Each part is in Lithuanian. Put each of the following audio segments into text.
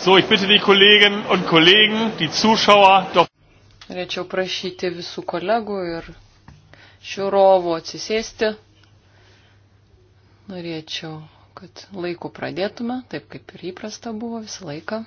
So, ich bitte die Kolleginnen und Kollegen, die Zuschauer doch. Norėčiau prašyti visų kolegų ir žiūrovų atsisėsti. Norėčiau, kad laiku pradėtume, taip kaip ir įprasta buvo visą laiką.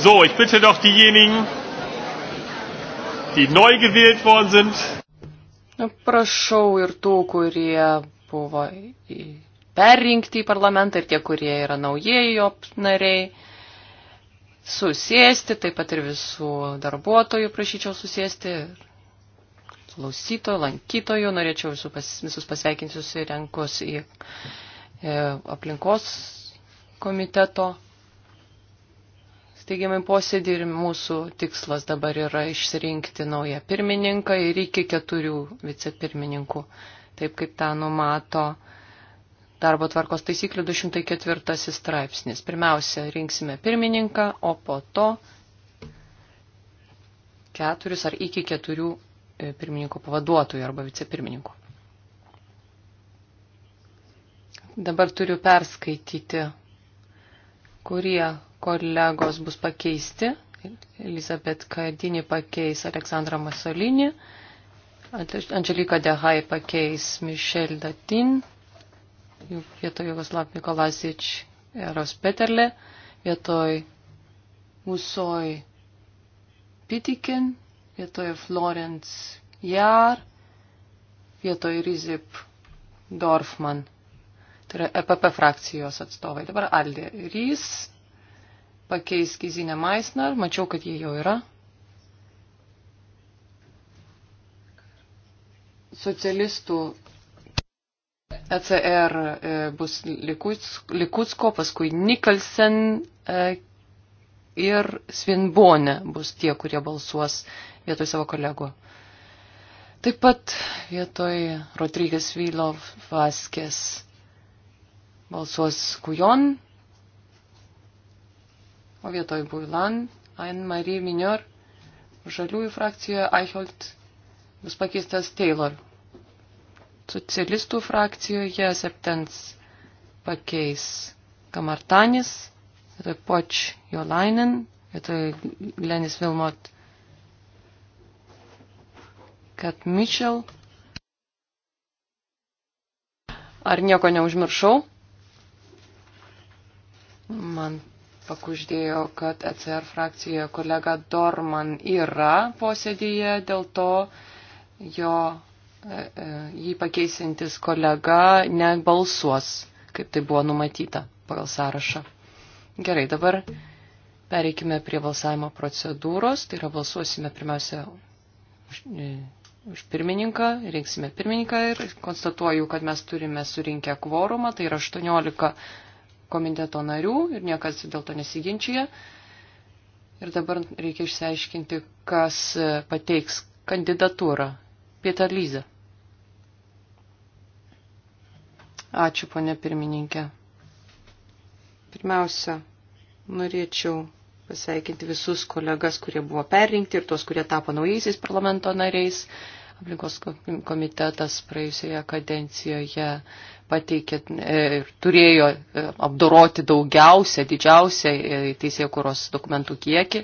So, ich bitte doch diejenigen, die neu gewählt worden sind. Na, prašau ir tų, kurie buvo perrinkti į parlamentą ir tie, kurie yra naujieji jo nariai, susėsti, taip pat ir visų darbuotojų prašyčiau susėsti, klausytojų, lankytojų, norėčiau visus, pas, visus pasveikinti susirenkus į e, aplinkos komiteto steigiamai posėdį ir mūsų tikslas dabar yra išsirinkti naują pirmininką ir iki keturių vicepirmininkų, taip kaip tą numato darbo tvarkos taisyklių 204 straipsnis. Pirmiausia, rinksime pirmininką, o po to keturis ar iki keturių e, pirmininko pavaduotojų arba vicepirmininko. Dabar turiu perskaityti, kurie kolegos bus pakeisti. Elizabet Kardinį pakeis Aleksandrą Masolinį, Angelika Dehai pakeis Mišel Datin, vietoj Jugoslav Nikolasič Eros Peterle, vietoj Musoj Pitikin, vietoj Florence Jar, vietoj Rizip Dorfman. Tai yra EPP frakcijos atstovai. Dabar Aldė Rys, pakeis Kizinę Maisner, mačiau, kad jie jau yra. Socialistų ECR e, bus Likutsko, paskui Nikolsen e, ir Svinbonė bus tie, kurie balsuos vietoj savo kolegų. Taip pat vietoj Rodrygas Vylov Vaskės balsuos Kujon, o vietoj Builan, Anne-Marie Minior, žaliųjų frakcijoje Eichholt bus pakeistas Taylor. Socialistų frakcijoje Septens pakeis Kamartanis, vietoj Poč Jolainen, vietoj Glenis Vilmot, kad Mitchell. Ar nieko neužmiršau? Man pakuždėjo, kad ECR frakcijoje kolega Dorman yra posėdėje, dėl to jo e, e, jį pakeisintis kolega nebalsuos, kaip tai buvo numatyta pagal sąrašą. Gerai, dabar pereikime prie balsavimo procedūros, tai yra balsuosime pirmiausia už, e, už pirmininką, rinksime pirmininką ir konstatuoju, kad mes turime surinkę kvorumą, tai yra 18 komiteto narių ir niekas dėl to nesiginčia. Ir dabar reikia išsiaiškinti, kas pateiks kandidatūrą. Pietar Lyza. Ačiū, ponė pirmininkė. Pirmiausia, norėčiau pasveikinti visus kolegas, kurie buvo perrinkti ir tos, kurie tapo naujaisiais parlamento nariais. Aplinkos komitetas praėjusioje kadencijoje pateikė ir e, turėjo e, apdoroti daugiausia, didžiausia e, teisėkuros dokumentų kiekį.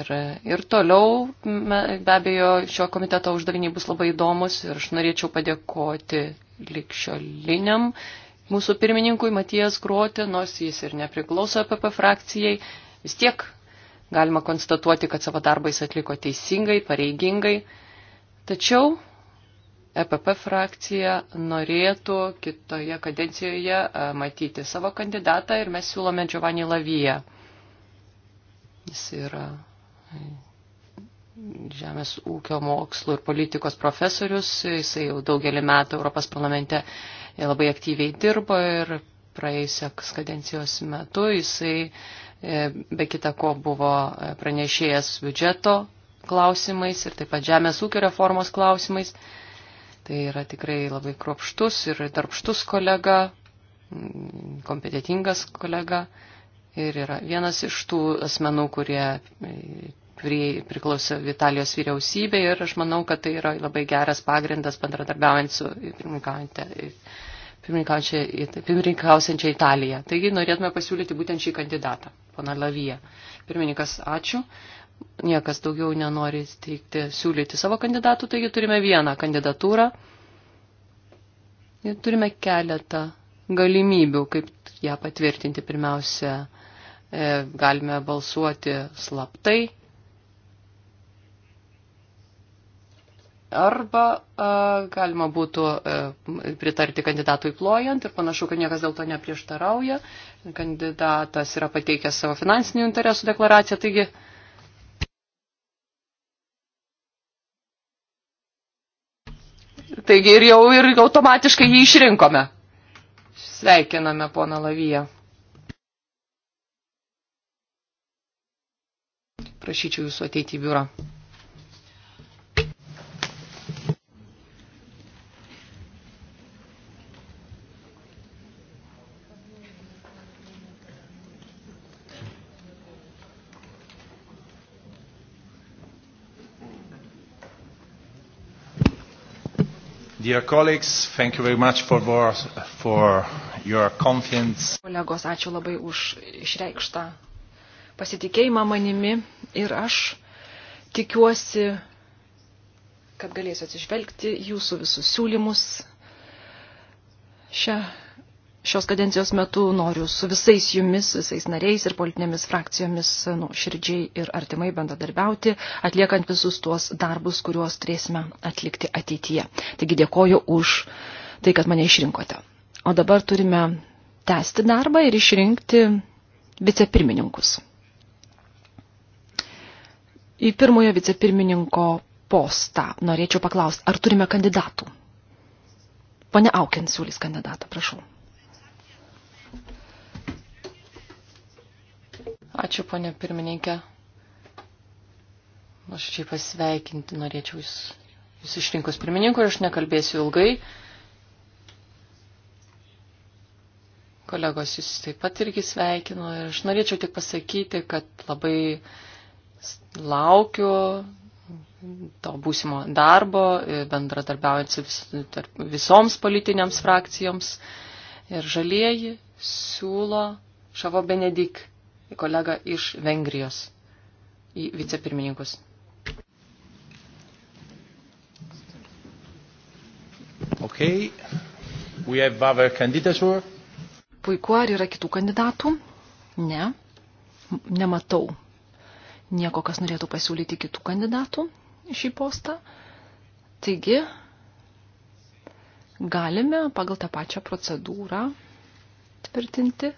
Ir, ir toliau be abejo šio komiteto uždaviniai bus labai įdomus ir aš norėčiau padėkoti likščioliniam mūsų pirmininkui Matijas Gruoti, nors jis ir nepriklauso APP frakcijai, vis tiek galima konstatuoti, kad savo darbą jis atliko teisingai, pareigingai. Tačiau EPP frakcija norėtų kitoje kadencijoje e, matyti savo kandidatą ir mes siūlome Giovanni Laviją. Jis yra e, žemės ūkio mokslo ir politikos profesorius, jisai jau daugelį metų Europos parlamente labai aktyviai dirbo ir praėjusios kadencijos metu jisai e, be kita ko buvo pranešėjęs biudžeto klausimais ir taip pat žemės ūkio reformos klausimais. Tai yra tikrai labai kropštus ir darbštus kolega, mm, kompetitingas kolega ir yra vienas iš tų asmenų, kurie priklauso Vitalijos vyriausybė ir aš manau, kad tai yra labai geras pagrindas bendradarbiaujant su pirmininkausiančia Italija. Taigi norėtume pasiūlyti būtent šį kandidatą, pana Laviją. Pirmininkas, ačiū. Niekas daugiau nenori teikti, siūlyti savo kandidatų, taigi turime vieną kandidatūrą ir turime keletą galimybių, kaip ją patvirtinti. Pirmiausia, e, galime balsuoti slaptai arba a, e, galima būtų a, e, pritarti kandidatui plojant ir panašu, kad niekas dėl to neprieštarauja. Kandidatas yra pateikęs savo finansinių interesų deklaraciją, taigi Taigi ir jau ir automatiškai jį išrinkome. Sveikiname poną Laviją. Prašyčiau jūsų ateiti į biurą. Dear colleagues, thank you very much for, for your confidence. Kolegos, ačiū labai už išreikštą pasitikėjimą manimi ir aš tikiuosi, kad galėsiu atsižvelgti jūsų visus siūlymus šią šios kadencijos metu noriu su visais jumis, visais nariais ir politinėmis frakcijomis nu, širdžiai ir artimai bendradarbiauti, atliekant visus tuos darbus, kuriuos turėsime atlikti ateityje. Taigi dėkoju už tai, kad mane išrinkote. O dabar turime tęsti darbą ir išrinkti vicepirmininkus. Į pirmojo vicepirmininko postą norėčiau paklausti, ar turime kandidatų? Pone Aukin siūlys kandidatą, prašau. Ačiū, ponė pirmininkė. Aš šiaip pasveikinti norėčiau jūs, jūs išrinkus pirmininkų ir aš nekalbėsiu ilgai. Kolegos, jūs taip pat irgi sveikinu ir aš norėčiau tik pasakyti, kad labai laukiu to būsimo darbo, bendradarbiaujant su vis, visoms politiniams frakcijoms. Ir žalieji siūlo Šavo Benedik kolegą iš Vengrijos į vicepirmininkus. Okay. We have other candidature. Puiku, ar yra kitų kandidatų? Ne, nematau nieko, kas norėtų pasiūlyti kitų kandidatų šį postą. Taigi, galime pagal tą pačią procedūrą tvirtinti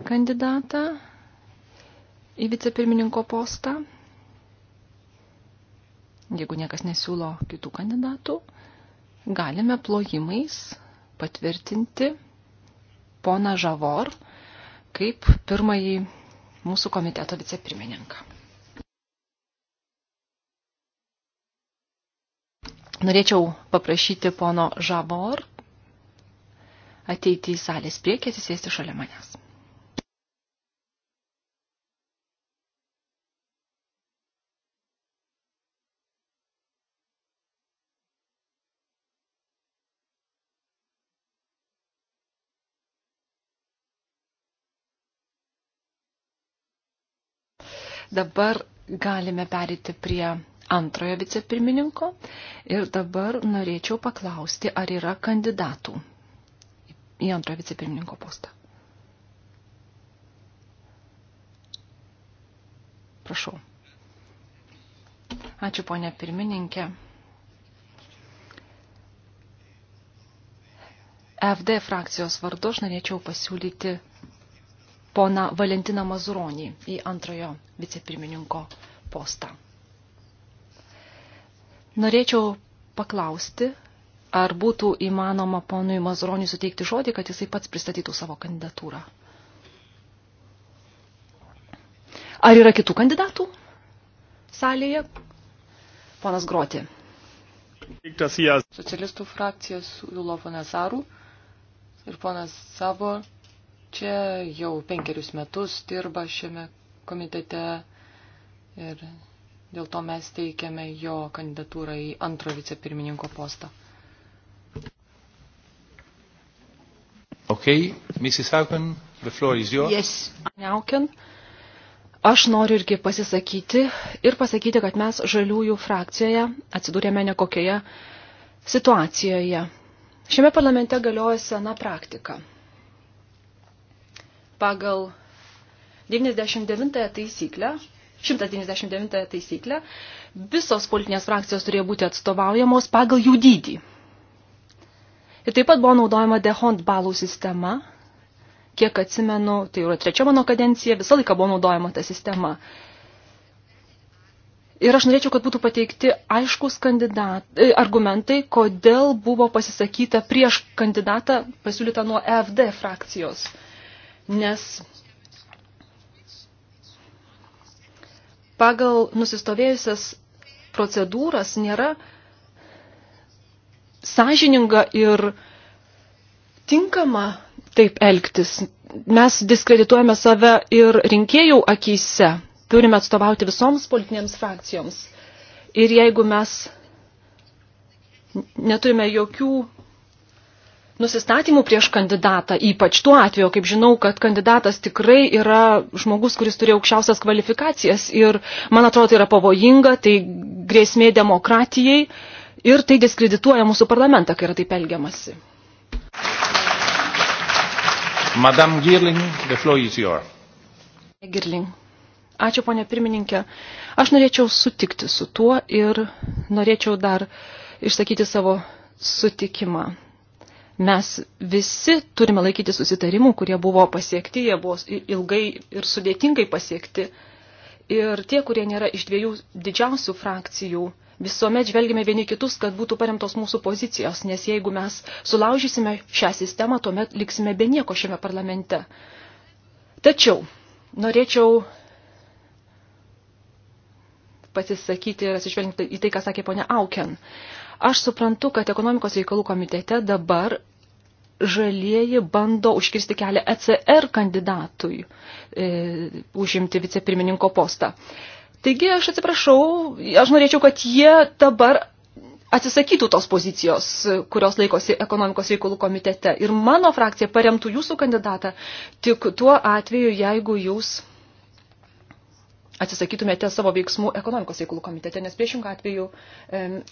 kandidatą į vicepirmininko postą. Jeigu niekas nesiūlo kitų kandidatų, galime plojimais patvirtinti poną Žavor kaip pirmąjį mūsų komiteto vicepirmininką. Norėčiau paprašyti pono Žavor ateiti į salės priekį, atsisėsti šalia manęs. Dabar galime perėti prie antrojo vicepirmininko ir dabar norėčiau paklausti, ar yra kandidatų į antrojo vicepirmininko postą. Prašau. Ačiū, ponė pirmininkė. FD frakcijos vardu aš norėčiau pasiūlyti pona Valentiną Mazuronį į antrojo vicepirmininko postą. Norėčiau paklausti, ar būtų įmanoma ponui Mazuroniui suteikti žodį, kad jisai pats pristatytų savo kandidatūrą. Ar yra kitų kandidatų salėje? Ponas Groti. Socialistų frakcija siūlo ponas Zarų ir ponas Savo čia jau penkerius metus dirba šiame komitete ir dėl to mes teikiame jo kandidatūrą į antro vicepirmininko postą. Okay, Mrs. Hauken, the floor is yours. Yes, Hauken. Aš noriu irgi pasisakyti ir pasakyti, kad mes žaliųjų frakcijoje atsidūrėme nekokioje situacijoje. Šiame parlamente galioja sena praktika – pagal 99 taisyklę, 199 taisyklę, visos politinės frakcijos turėjo būti atstovaujamos pagal jų dydį. Ir taip pat buvo naudojama dehont balų sistema. Kiek atsimenu, tai yra trečia mano kadencija, visą laiką buvo naudojama ta sistema. Ir aš norėčiau, kad būtų pateikti aiškus kandidat, e, argumentai, kodėl buvo pasisakyta prieš kandidatą pasiūlytą nuo FD frakcijos nes pagal nusistovėjusias procedūras nėra sąžininga ir tinkama taip elgtis. Mes diskredituojame save ir rinkėjų akise. Turime atstovauti visoms politinėms frakcijoms. Ir jeigu mes neturime jokių nusistatymų prieš kandidatą, ypač tuo atveju, kaip žinau, kad kandidatas tikrai yra žmogus, kuris turi aukščiausias kvalifikacijas ir, man atrodo, tai yra pavojinga, tai grėsmė demokratijai ir tai diskredituoja mūsų parlamentą, kai yra taip elgiamasi. Madame Girling, the floor is yours. Girling. Ačiū, ponė pirmininkė. Aš norėčiau sutikti su tuo ir norėčiau dar išsakyti savo sutikimą mes visi turime laikyti susitarimų, kurie buvo pasiekti, jie buvo ilgai ir sudėtingai pasiekti. Ir tie, kurie nėra iš dviejų didžiausių frakcijų, visuomet žvelgime vieni kitus, kad būtų paremtos mūsų pozicijos, nes jeigu mes sulaužysime šią sistemą, tuomet liksime be nieko šiame parlamente. Tačiau norėčiau pasisakyti ir atsižvelgti į tai, ką sakė ponia Auken. Aš suprantu, kad ekonomikos reikalų komitete dabar žalieji bando užkirsti kelią ECR kandidatui e, užimti vicepirmininko postą. Taigi aš atsiprašau, aš norėčiau, kad jie dabar atsisakytų tos pozicijos, kurios laikosi ekonomikos reikalų komitete. Ir mano frakcija paremtų jūsų kandidatą tik tuo atveju, jeigu jūs atsisakytumėte savo veiksmų ekonomikos reikalų komitete, nes priešingų atveju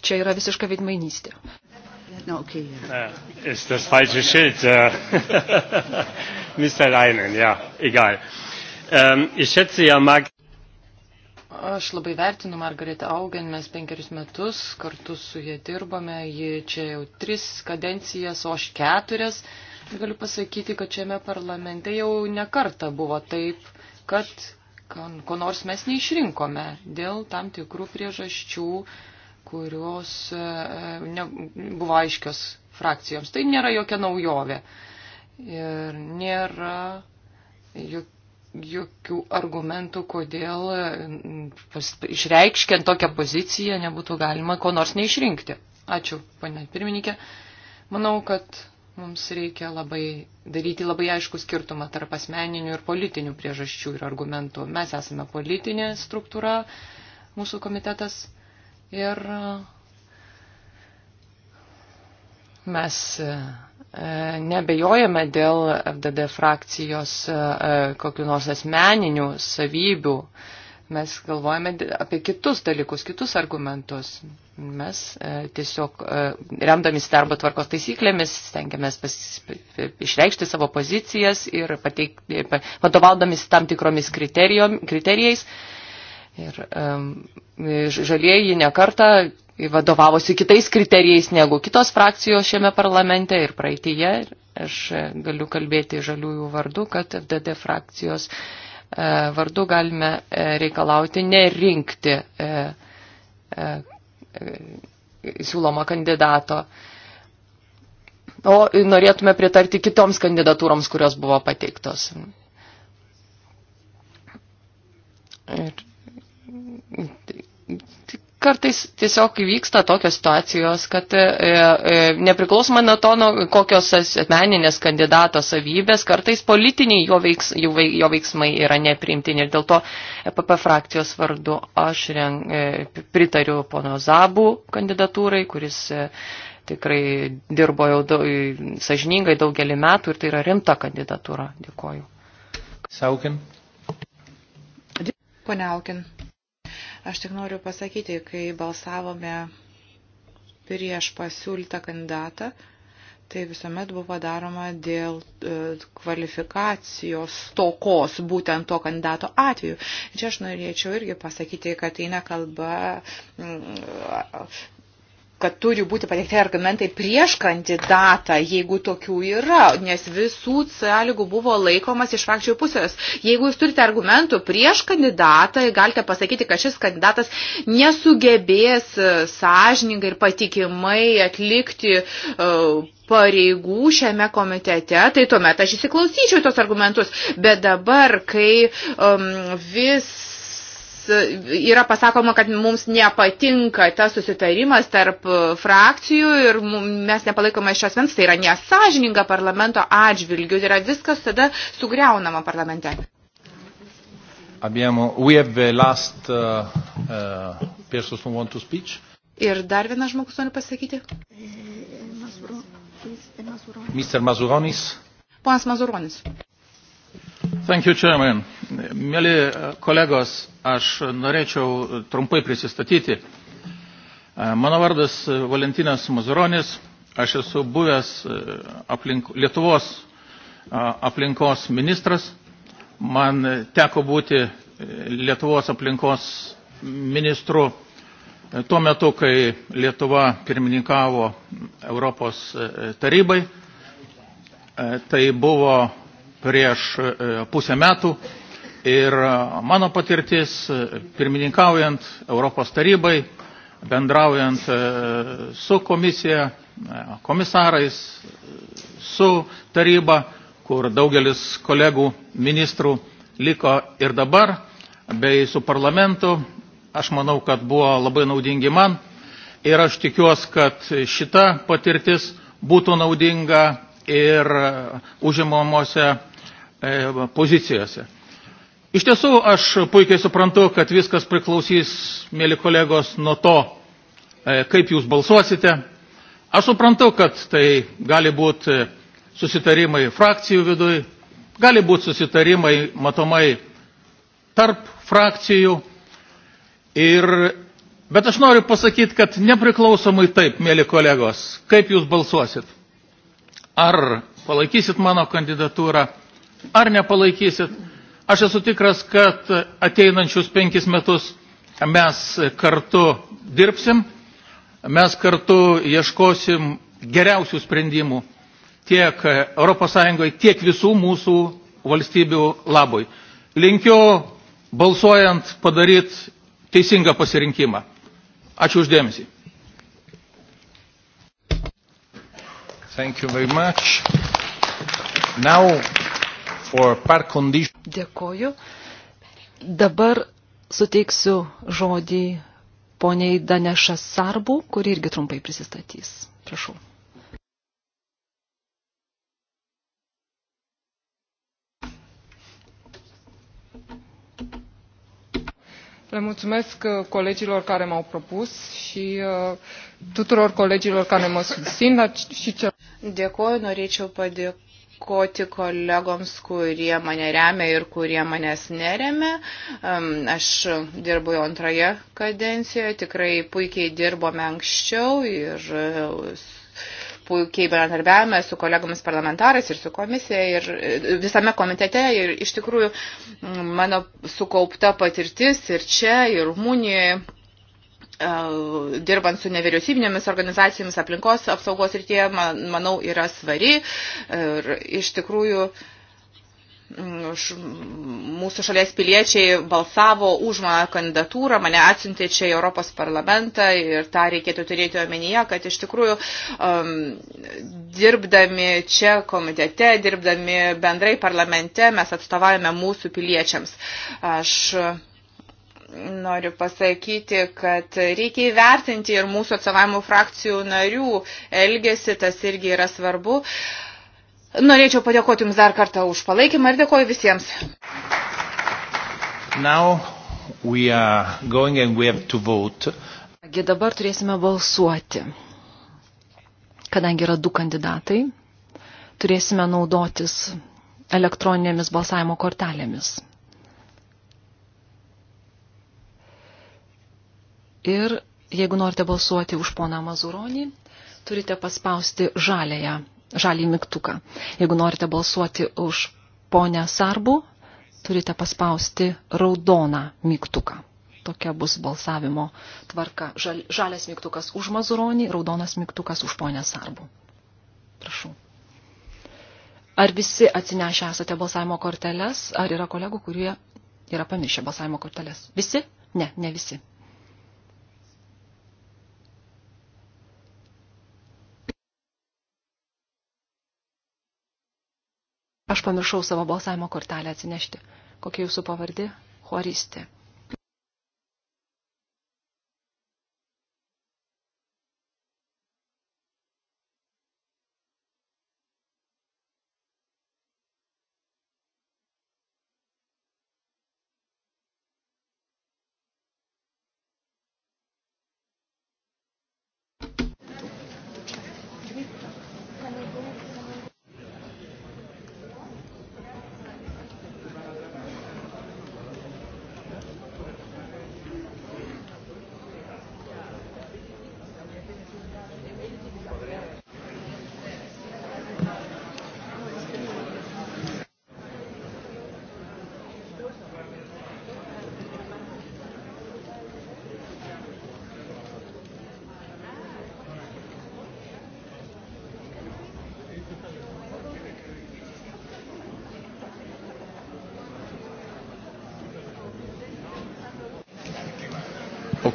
čia yra visiška veidmainystė. No, okay, yeah. Ist das falsche Schild. Äh, Mr. Leinen, ja, egal. Ähm, ich schätze ja, Mark. Aš labai vertinu Margaretą Augen, mes penkerius metus kartu su jie dirbame, ji čia jau tris kadencijas, o aš keturias. Galiu pasakyti, kad šiame parlamente jau nekarta buvo taip, kad ko nors mes neišrinkome dėl tam tikrų priežasčių, kurios e, ne, buvo aiškios frakcijoms. Tai nėra jokia naujovė. Ir nėra jokių jokių argumentų, kodėl e, išreikškiant tokią poziciją nebūtų galima ko nors neišrinkti. Ačiū, panė pirmininkė. Manau, kad mums reikia labai, daryti labai aišku skirtumą tarp asmeninių ir politinių priežasčių ir argumentų. Mes esame politinė struktūra, mūsų komitetas ir e, mes e, nebejojame dėl FDD frakcijos e, kokiu nors asmeninių savybių mes galvojame apie kitus dalykus, kitus argumentus. Mes e, tiesiog e, remdamis darbo tvarkos taisyklėmis stengiamės pas, e, išreikšti savo pozicijas ir pateik, e, pa, vadovaudomis tam tikromis kriterijais. Ir e, žalieji nekarta vadovavosi kitais kriterijais negu kitos frakcijos šiame parlamente ir praeityje. Aš e, galiu kalbėti žaliųjų vardu, kad FDD frakcijos. E, E, vardu galime e, reikalauti nerinkti e, siūloma kandidato. O norėtume pritarti kitoms kandidatūroms, kurios buvo pateiktos. Ir kartais tiesiog vyksta tokios situacijos, kad e, e, nepriklausomai nuo to, nu, kokios asmeninės kandidato savybės, kartais politiniai jo, veiks, jo, jo veiksmai yra neprimtini. Ir dėl to EPP frakcijos vardu aš reng, e, pritariu pono Zabų kandidatūrai, kuris e, tikrai dirbo jau daug, sažiningai daugelį metų ir tai yra rimta kandidatūra. Dėkoju. Saukin. Pone Aukin. Aš tik noriu pasakyti, kai balsavome prieš pasiūlytą kandidatą, tai visuomet buvo daroma dėl e, kvalifikacijos stokos būtent to kandidato atveju. Čia aš norėčiau irgi pasakyti, kad eina kalba kad turi būti pateikti argumentai prieš kandidatą, jeigu tokių yra, nes visų sąlygų buvo laikomas iš frakcijų pusės. Jeigu jūs turite argumentų prieš kandidatą, galite pasakyti, kad šis kandidatas nesugebės e, sąžiningai ir patikimai atlikti uh, pareigų šiame komitete, tai tuomet aš įsiklausyčiau tos argumentus. Bet dabar, kai um, vis yra pasakoma, kad mums nepatinka tas susitarimas tarp frakcijų ir mes nepalaikome šios vens, tai yra nesažininga parlamento atžvilgių, tai yra viskas tada sugriaunama parlamente. Abbiamo, we have the last uh, uh, person who want to speech. Ir dar vienas žmogus nori pasakyti. Eh, eh, Mr. Eh, Mazuronis. Ponas Mazuronis. Mėly e, kolegos, aš norėčiau trumpai prisistatyti. E, mano vardas Valentinas Mazuronis, aš esu buvęs e, aplink, Lietuvos aplinkos ministras. Man teko būti Lietuvos aplinkos ministru tuo metu, kai Lietuva pirmininkavo Europos tarybai. Tai buvo prieš e, pusę metų ir e, mano patirtis e, pirmininkaujant Europos tarybai, bendraujant su komisija, komisarais, su taryba, kur daugelis kolegų ministrų liko ir dabar, bei su parlamentu, aš manau, kad buvo labai naudingi man ir aš tikiuosi, kad šita patirtis būtų naudinga ir užimamuose E, pozicijose. Iš tiesų, aš puikiai suprantu, kad viskas priklausys, mėly kolegos, nuo to, e, kaip jūs balsuosite. Aš suprantu, kad tai gali būti e, susitarimai frakcijų vidui, gali būti susitarimai matomai tarp frakcijų. Ir, bet aš noriu pasakyti, kad nepriklausomai taip, mėly kolegos, kaip jūs balsuosit. Ar palaikysit mano kandidatūrą, ar nepalaikysit. Aš esu tikras, kad ateinančius penkis metus mes kartu dirbsim, mes kartu ieškosim geriausių sprendimų tiek ES, tiek visų mūsų valstybių labui. Linkiu balsuojant padaryti teisingą pasirinkimą. Ačiū uždėmesį. Thank you very much. Now Dėkoju. Dabar suteiksiu žodį poniai Daneša Sarbu, kuri irgi trumpai prisistatys. Prašau. Le mulțumesc uh, colegilor care m-au propus și uh, tuturor colegilor care mă susțin, dar și celor. Dėkoju, norėčiau padėkoti padėkoti kolegoms, kurie mane remia ir kurie manęs neremia. Aš dirbu jau antroje kadencijoje, tikrai puikiai dirbome anksčiau ir e, puikiai bendradarbiavome su kolegomis parlamentarais ir su komisija ir e, visame komitete ir iš tikrųjų mano sukaupta patirtis ir čia, ir Rumunijoje E, dirbant su nevyriausybinėmis organizacijomis aplinkos apsaugos rytyje, manau, yra svari ir iš tikrųjų mūsų šalies piliečiai balsavo už mano kandidatūrą, mane atsiuntė čia į Europos parlamentą ir tą reikėtų turėti omenyje, kad iš tikrųjų um, dirbdami čia komitete, dirbdami bendrai parlamente, mes atstovavome mūsų piliečiams. Aš uh, noriu pasakyti, kad reikia įvertinti ir mūsų atsavavimų frakcijų narių elgesį, tas irgi yra svarbu. Norėčiau padėkoti Jums dar kartą už palaikymą ir dėkoju visiems. Taigi dabar turėsime balsuoti. Kadangi yra du kandidatai, turėsime naudotis elektroninėmis balsavimo kortelėmis. Ir jeigu norite balsuoti už poną Mazuronį, turite paspausti žalėją, žalį mygtuką. Jeigu norite balsuoti už ponę Sarbu, turite paspausti raudoną mygtuką. Tokia bus balsavimo tvarka. Žal, žalės mygtukas už Mazuronį, raudonas mygtukas už ponę Sarbu. Prašau. Ar visi atsinešę esate balsavimo korteles, ar yra kolegų, kurie yra pamiršę balsavimo korteles? Visi? Ne, ne visi. Aš pamiršau savo balsavimo kortelę atsinešti. Kokia jūsų pavardė? Horistė.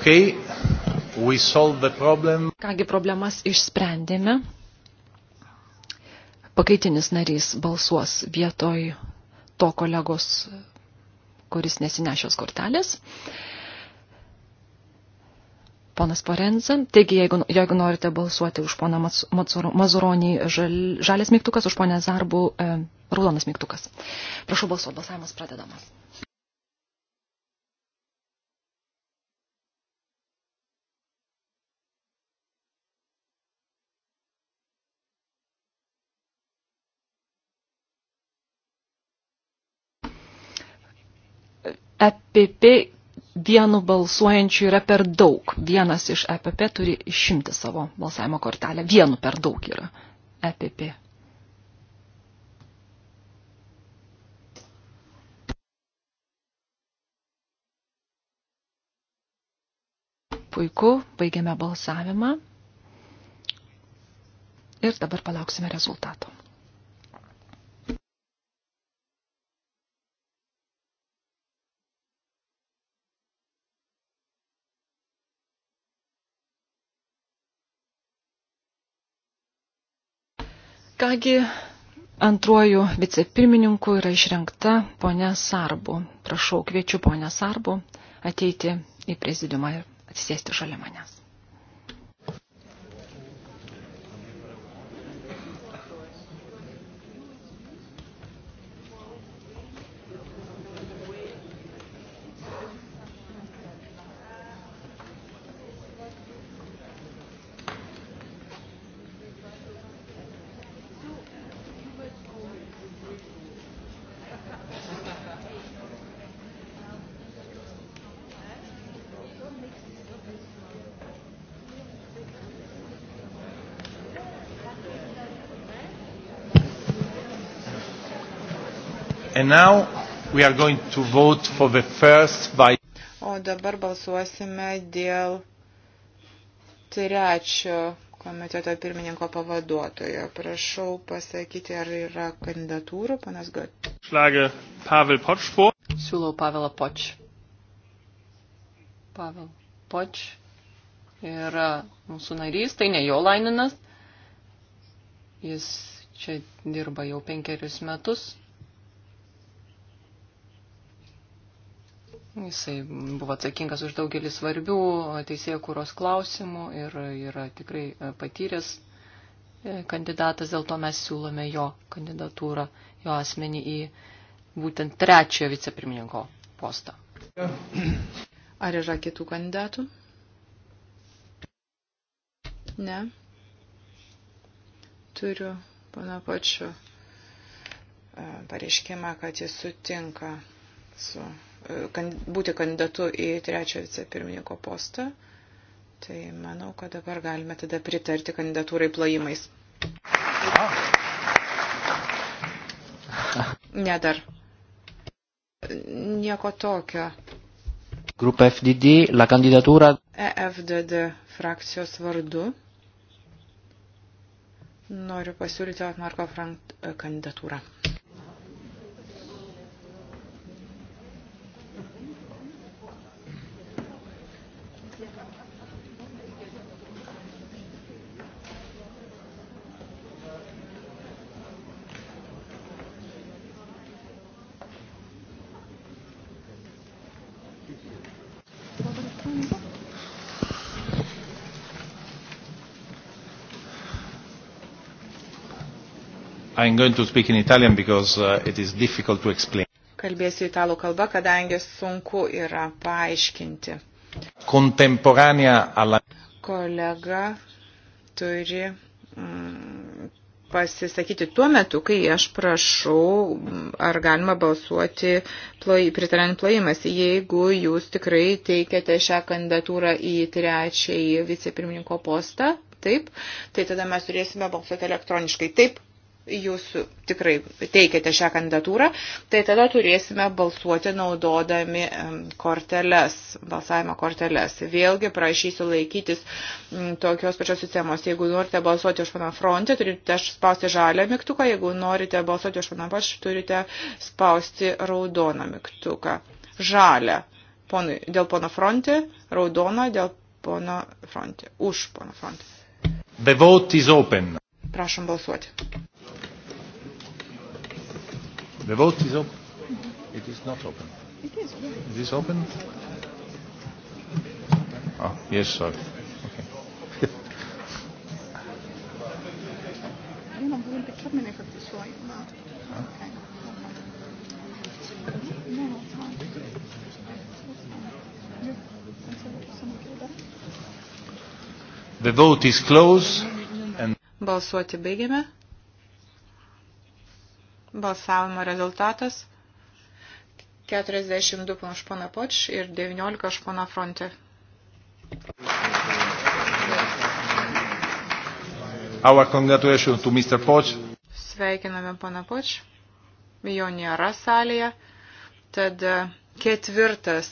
Okay. Problem. Kągi problemas išsprendėme. Pakaitinis narys balsuos vietoj to kolegos, kuris nesinešios kortelės. Ponas Porenza, taigi jeigu, jeigu norite balsuoti už poną Mazuronį žal, žalės mygtukas, už ponę Zarbų e, raudonas mygtukas. Prašau balsuoti, balsavimas pradedamas. EPP vienu balsuojančiu yra per daug. Vienas iš EPP turi išimti savo balsavimo kortelę. Vienu per daug yra EPP. Puiku, baigiame balsavimą ir dabar palauksime rezultato. Kągi, antruoju vicepirmininku yra išrinkta ponia Sarbu. Prašau, kviečiu ponia Sarbu ateiti į prezidiumą ir atsisėsti šalia manęs. And now we are going to vote for the first by... O dabar balsuosime dėl trečio komiteto pirmininko pavaduotojo. Prašau pasakyti, ar yra kandidatūrų, panas Gat. Šlagė Pavel Poč. Siūlau Pavelą Poč. Pavel Poč yra mūsų narys, tai ne jo laininas. Jis čia dirba jau penkerius metus. Jisai buvo atsakingas už daugelį svarbių teisėjų kūros klausimų ir yra tikrai e, patyręs e, kandidatas, dėl to mes siūlome jo kandidatūrą, jo asmenį į būtent trečiojo vicepirmininko postą. Ar yra kitų kandidatų? Ne. Turiu pana pačio e, pareiškimą, kad jis sutinka su būti kandidatu į trečio vicepirmininko postą. Tai manau, kad dabar galime tada pritarti kandidatūrai plojimais. Ne dar. Nieko tokio. Grupė FDD, la kandidatūra. EFDD frakcijos vardu. Noriu pasiūlyti Otmarko Frank kandidatūrą. I'm going to speak in Italian because uh, it is difficult to explain. Kalbėsiu italų kalba, kadangi sunku yra paaiškinti. Contemporanea alla... Kolega turi mm, pasisakyti tuo metu, kai aš prašau, mm, ar galima balsuoti ploj, pritariant plojimas, jeigu jūs tikrai teikiate šią kandidatūrą į trečiąjį vicepirmininko postą. Taip, tai tada mes turėsime balsuoti elektroniškai. Taip, jūs tikrai teikiate šią kandidatūrą, tai tada turėsime balsuoti naudodami korteles, balsavimo korteles. Vėlgi prašysiu laikytis tokios pačios sistemos. Jeigu norite balsuoti už paną frontę, turite spausti žalią mygtuką, jeigu norite balsuoti už paną paš, turite spausti raudoną mygtuką. Žalią. Ponui, dėl pono frontė, raudoną dėl pono frontė. Už pono frontė. The vote is open. Prašom balsuoti. The vote is open. It is not open. It is. Yeah. It is open. Oh, yes, sorry. Okay. Én a boel, ik heb mijn even besloten. Okay. No, it's fine. The vote is closed. And Balsuoti baigiame. Balsavimo rezultatas 42 už pana Poč ir 19 už pana Fronte. Our congratulations to Mr. Poč. Sveikiname pana Poč. Jo nėra salėje. Tad e, ketvirtas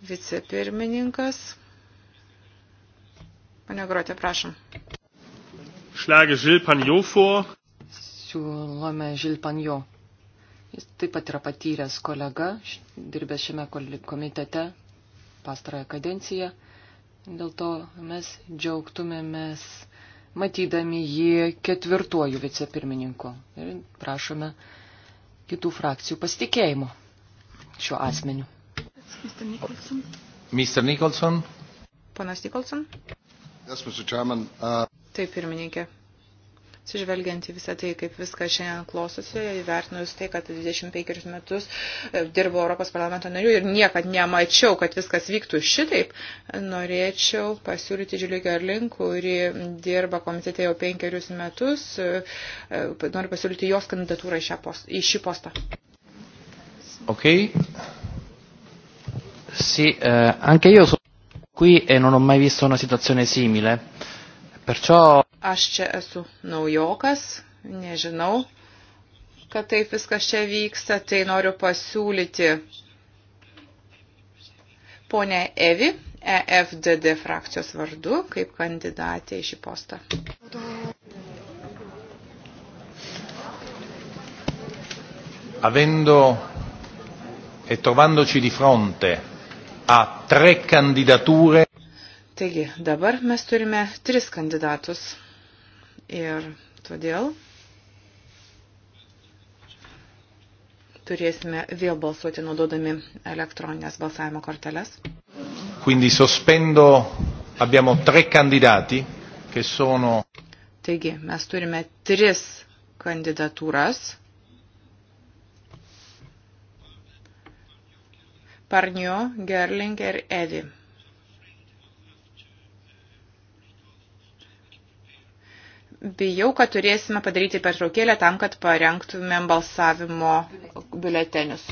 vicepirmininkas. Pane Grotė, prašom. Schlage Gilles Pagnot vor siūlome Žilpanjo. Jis taip pat yra patyręs kolega, dirbęs šiame komitete pastarąją kadenciją. Dėl to mes džiaugtumėmės matydami jį ketvirtuoju vicepirmininku. Ir prašome kitų frakcijų pasitikėjimo šiuo asmeniu. Mr. Nicholson. Mr. Nicholson. Panas Nicholson. Yes, Mr. Chairman. Uh... Taip, pirmininkė. Sižvelgiant į visą tai, kaip viskas šiandien klostosi, įvertinus tai, kad 25 metus e, dirbo Europos parlamento narių ir niekad nemačiau, kad viskas vyktų šitaip, norėčiau pasiūlyti Žiulį Gerlin, kuri dirba komitete jau penkerius metus, e, e, noriu pasiūlyti jos kandidatūrą į, post, į šį postą. Ok. Sì, eh, anche io sono qui e non ho mai visto una situazione simile. Perciò... Aš čia esu naujokas, nežinau, kad taip viskas čia vyksta, tai noriu pasiūlyti ponę Evi, EFDD frakcijos vardu, kaip kandidatė į šį postą. Avendo e trovandoci di fronte a tre candidature Taigi, dabar mes turime tris kandidatus. Ir todėl turėsime vėl balsuoti naudodami elektroninės balsavimo korteles. Quindi sospendo, abbiamo tre candidati che sono. Taigi, mes turime tris kandidatūras. Parnio, Gerling ir Evi. Bijau, kad turėsime padaryti pertraukėlę tam, kad parengtumėm balsavimo biuletenius.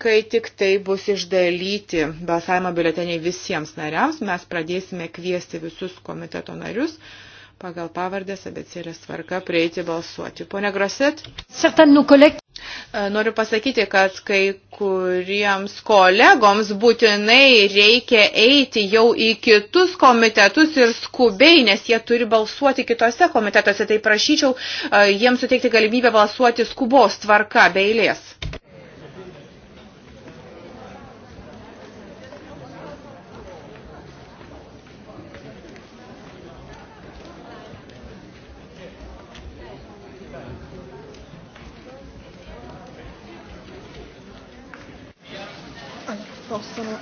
Kai tik tai bus išdalyti balsavimo biuleteniai visiems nariams, mes pradėsime kviesti visus komiteto narius pagal pavardės abecėlės tvarka prieiti balsuoti. Pone Grosit? E, noriu pasakyti, kad kai kuriems kolegoms būtinai reikia eiti jau į kitus komitetus ir skubiai, nes jie turi balsuoti kitose komitetuose. Tai prašyčiau e, jiems suteikti galimybę balsuoti skubos tvarka be eilės. possono,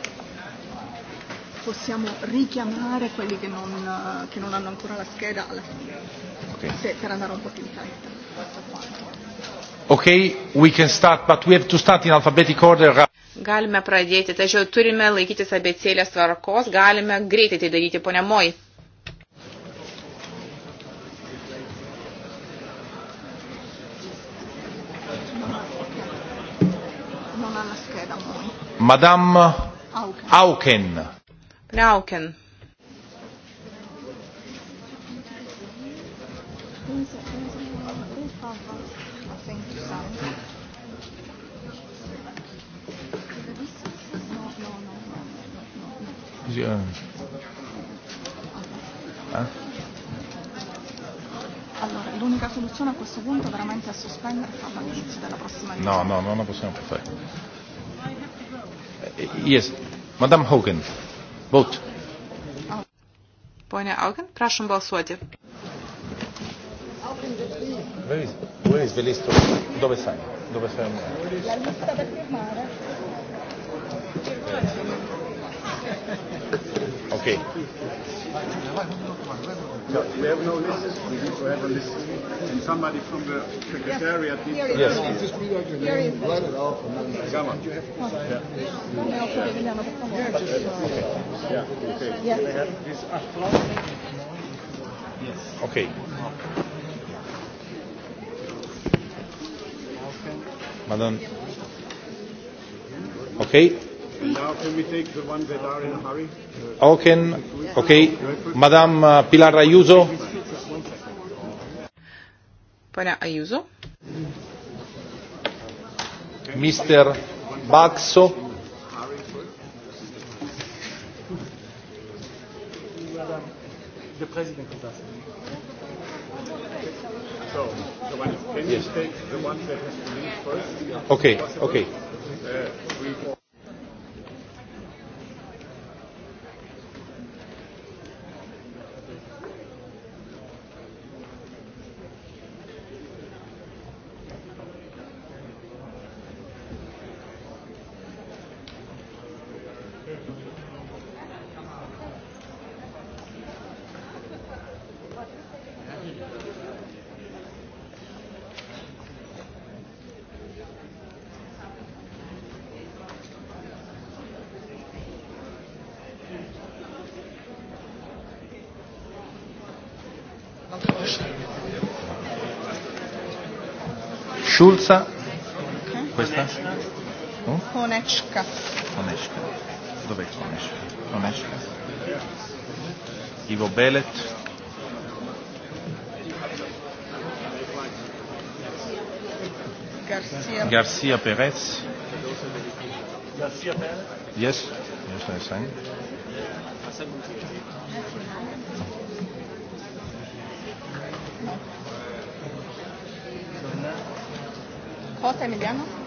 possiamo richiamare quelli che non, eh, che non hanno ancora la scheda alla fine, okay. se, per andare un po' più in fretta. Questo è quanto. Okay, we can start, but we have to start in alphabetic order. Galime pradėti, tačiau turime laikytis abecėlės tvarkos, galime greitai tai daryti, ponia Moj. Madame Auken. Pone Auken. Yeah. Huh? Allora, l'unica soluzione a questo punto veramente è sospendere e farla all'inizio della prossima riunione. No, no, non la possiamo fare. Yes. Madam Hogan. Vote. Pone Augen, prašom balsuoti. Where is, where is the list of, dove sai? Dove sai? La lista da firmare. Okay. No, we have no list. We need to have a list. And somebody from the secretariat needs to yes. have a list. Here is Write it off and then Come on. You have to sign yeah. this. Yeah, just okay. Yeah, okay. Yeah. They have this Achlan. Yes. Okay. Madame. Okay. And now can we take the ones that are in a hurry? Okay, okay. Madame uh, Pilar Ayuso. Pane Ayuso. Mr. Baxo. The president is asking. So, the one, can yes. you take the one that has to leave first? Okay, okay. Uh, Konečka. Konečka. Dov'è Konečka? Konečka. Ivo Belet. Garcia. Garcia Perez. Garcia Perez? Yes, yes, I sign. José Emiliano?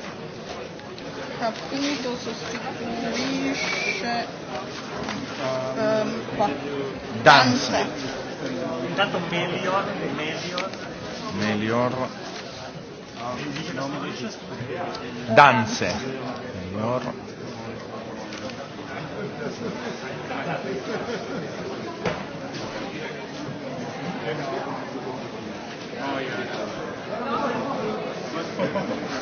capito sostituisce um, qua. Danza. Intanto Melior, Melior. Melior. Danze. Melior. Oh,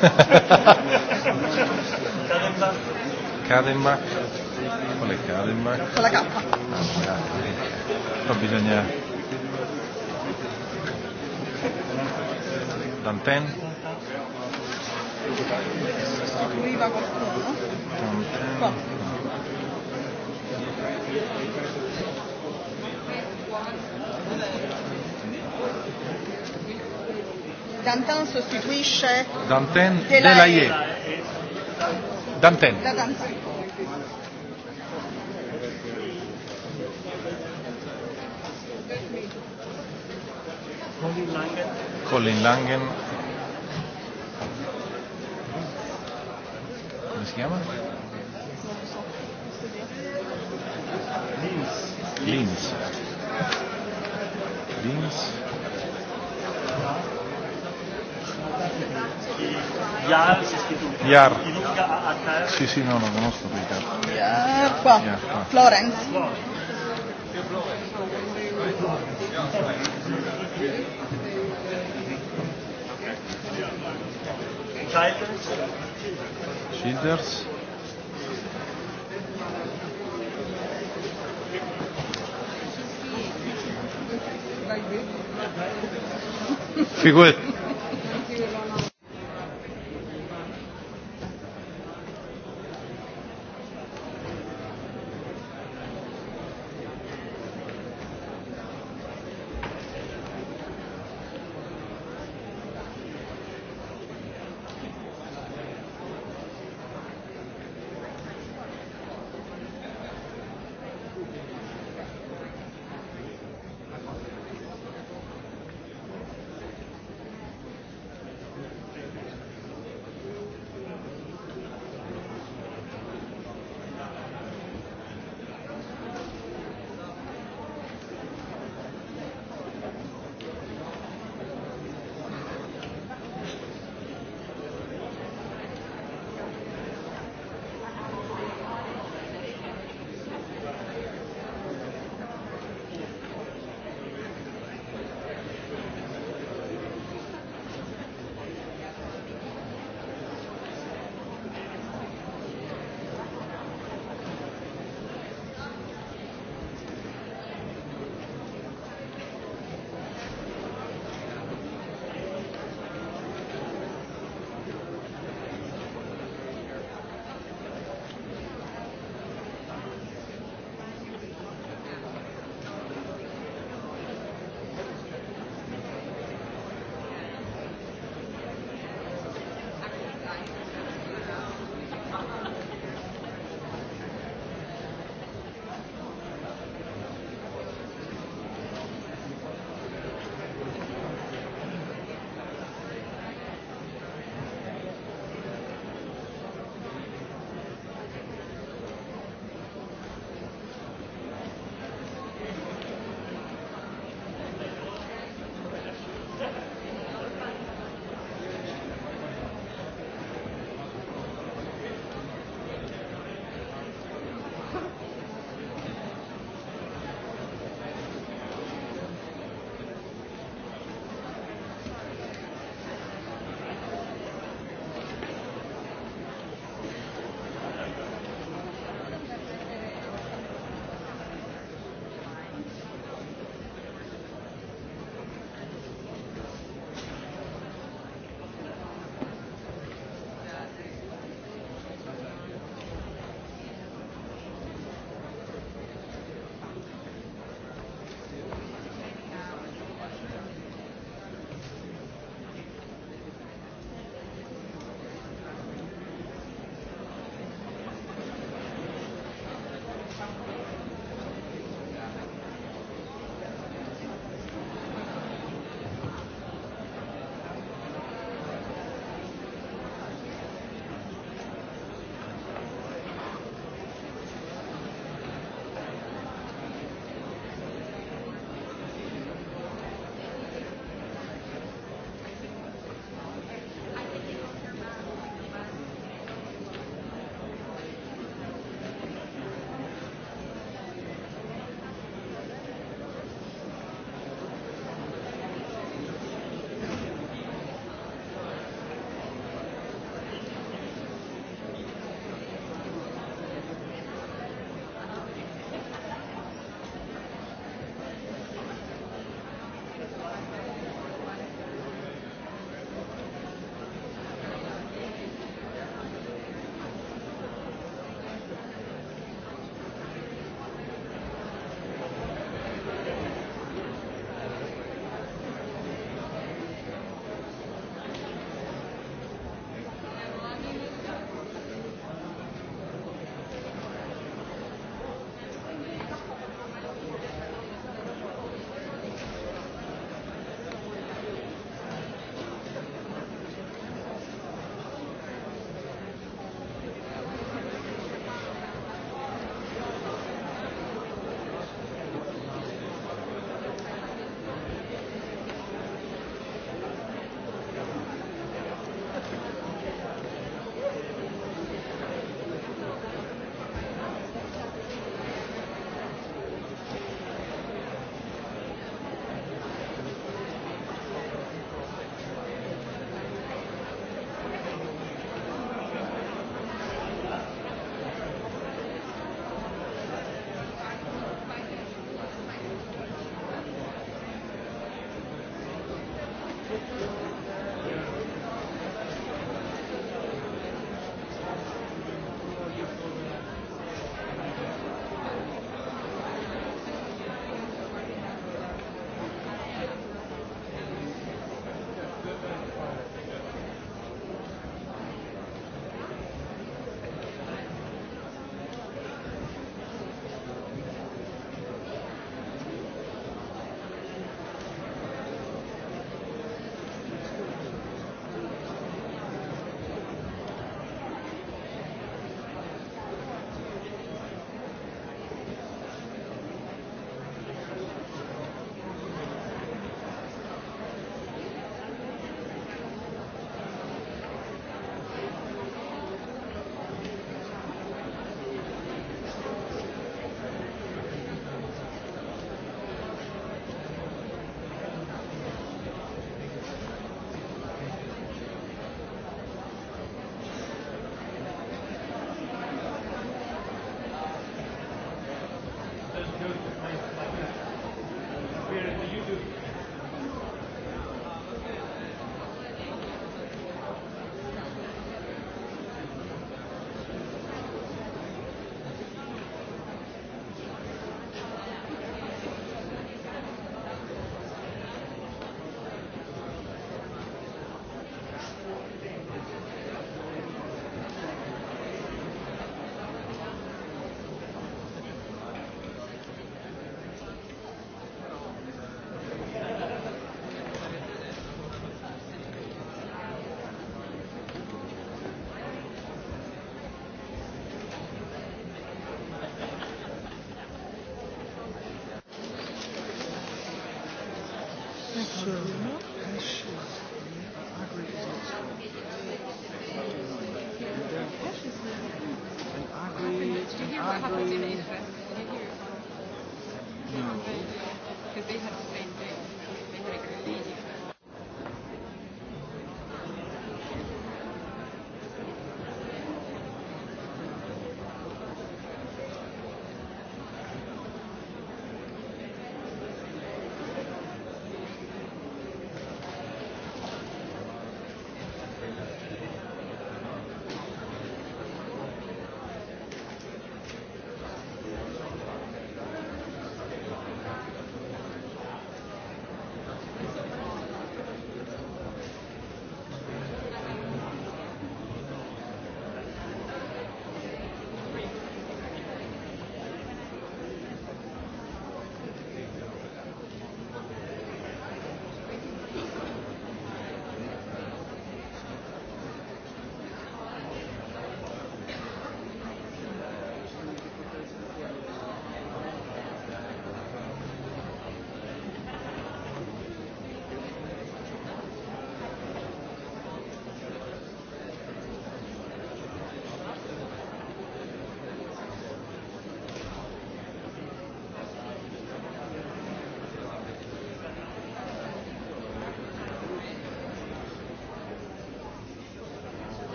yeah. Cademac. Qual è Cademac? Con la K. Ah, con la K. Qua bisogna... Danten? Scriva qualcuno? Danten. Qua. Dantin sostituisce Dantin Delaye. Delaye. Danten. Da Danten. Colin Langen. Colin Langen. Come si chiama? Linz. Linz. Linz. Yar. Yar. Sì, sì, no, lo conosco quei capi. Yeah, qua. Yeah, qua. Florence. Childers. Childers. Figurati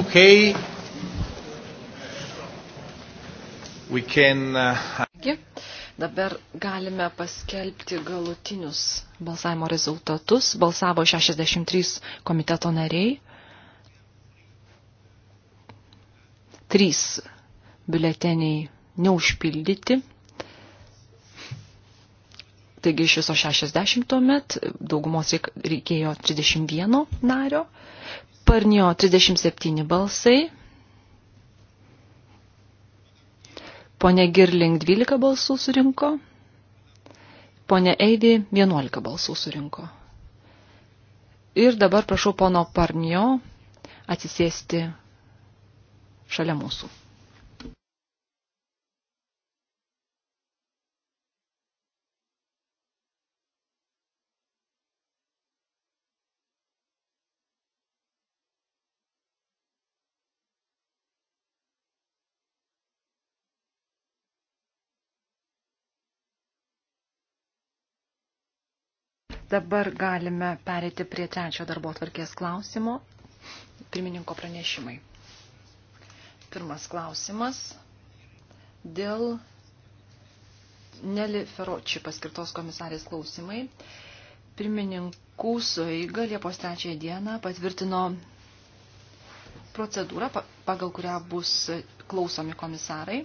Okay. We can. Uh, Taigi, dabar galime paskelbti galutinius balsavimo rezultatus. Balsavo 63 komiteto nariai. 3 biuleteniai neužpildyti. Taigi iš viso 60 tuomet, daugumos reikėjo 31 nario. Parnio 37 balsai. Pone Girling 12 balsų surinko. Pone Eidį 11 balsų surinko. Ir dabar prašau pono Parnio atsisėsti šalia mūsų. Dabar galime perėti prie trečio darbo tvarkės klausimo. Pirmininko pranešimai. Pirmas klausimas dėl Neli Feroči paskirtos komisarės klausimai. Pirmininkų suiga Liepos 3 dieną patvirtino procedūrą, pagal kurią bus klausomi komisarai.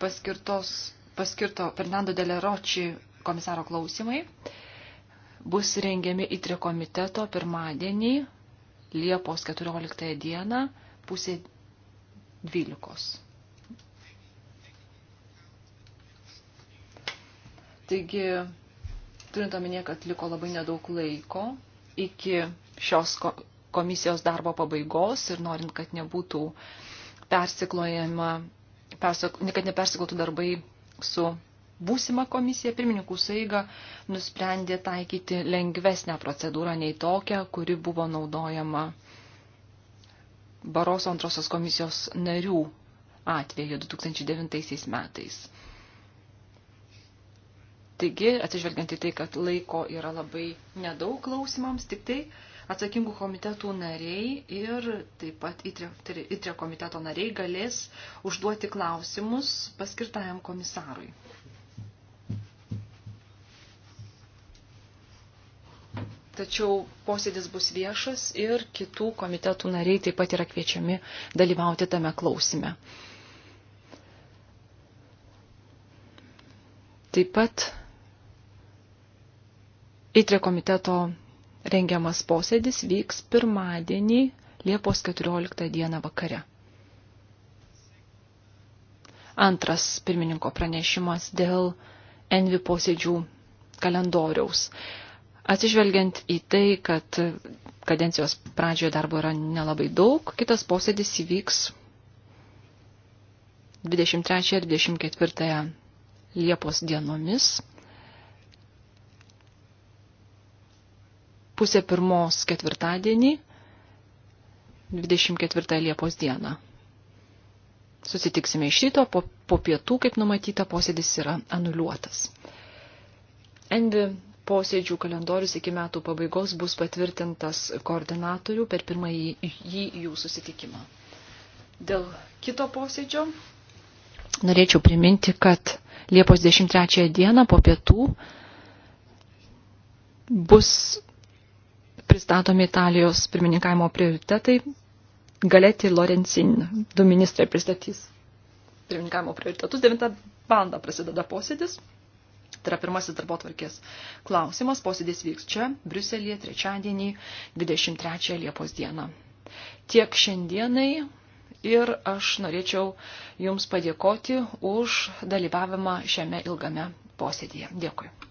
Paskirtos paskirto Fernando Deleroči komisaro klausimai bus rengiami į trikomiteto pirmadienį, Liepos 14 dieną, pusė 12. Taigi, turint omenyje, kad liko labai nedaug laiko iki šios komisijos darbo pabaigos ir norint, kad nebūtų persiklojama, persik, kad nepersiklotų darbai su būsima komisija pirmininkų saiga nusprendė taikyti lengvesnę procedūrą nei tokią, kuri buvo naudojama Baroso antrosios komisijos narių atveju 2009 metais. Taigi, atsižvelgiant į tai, kad laiko yra labai nedaug klausimams, tik tai atsakingų komitetų nariai ir taip pat įtrio komiteto nariai galės užduoti klausimus paskirtajam komisarui. Tačiau posėdis bus viešas ir kitų komitetų nariai taip pat yra kviečiami dalyvauti tame klausime. Taip pat įtrio komiteto rengiamas posėdis vyks pirmadienį Liepos 14 dieną vakare. Antras pirmininko pranešimas dėl Envi posėdžių kalendoriaus. Atsižvelgiant į tai, kad kadencijos pradžioje darbo yra nelabai daug, kitas posėdis įvyks 23 ir 24 Liepos dienomis pusę pirmos ketvirtadienį, 24 Liepos dieną. Susitiksime iš ryto, po, po pietų, kaip numatyta, posėdis yra anuliuotas. Endi posėdžių kalendorius iki metų pabaigos bus patvirtintas koordinatorių per pirmąjį jį jų susitikimą. Dėl kito posėdžio norėčiau priminti, kad Liepos 13 dieną po pietų bus pristatomi Italijos pirmininkavimo prioritetai. Galėti Lorencin, du ministrai pristatys pirmininkavimo prioritetus. 9 val. prasideda posėdis. Tai yra pirmasis darbo tvarkės klausimas. Posėdis vyks čia, Briuselėje, trečiadienį, 23 Liepos dieną. Tiek šiandienai ir aš norėčiau Jums padėkoti už dalyvavimą šiame ilgame posėdėje. Dėkui.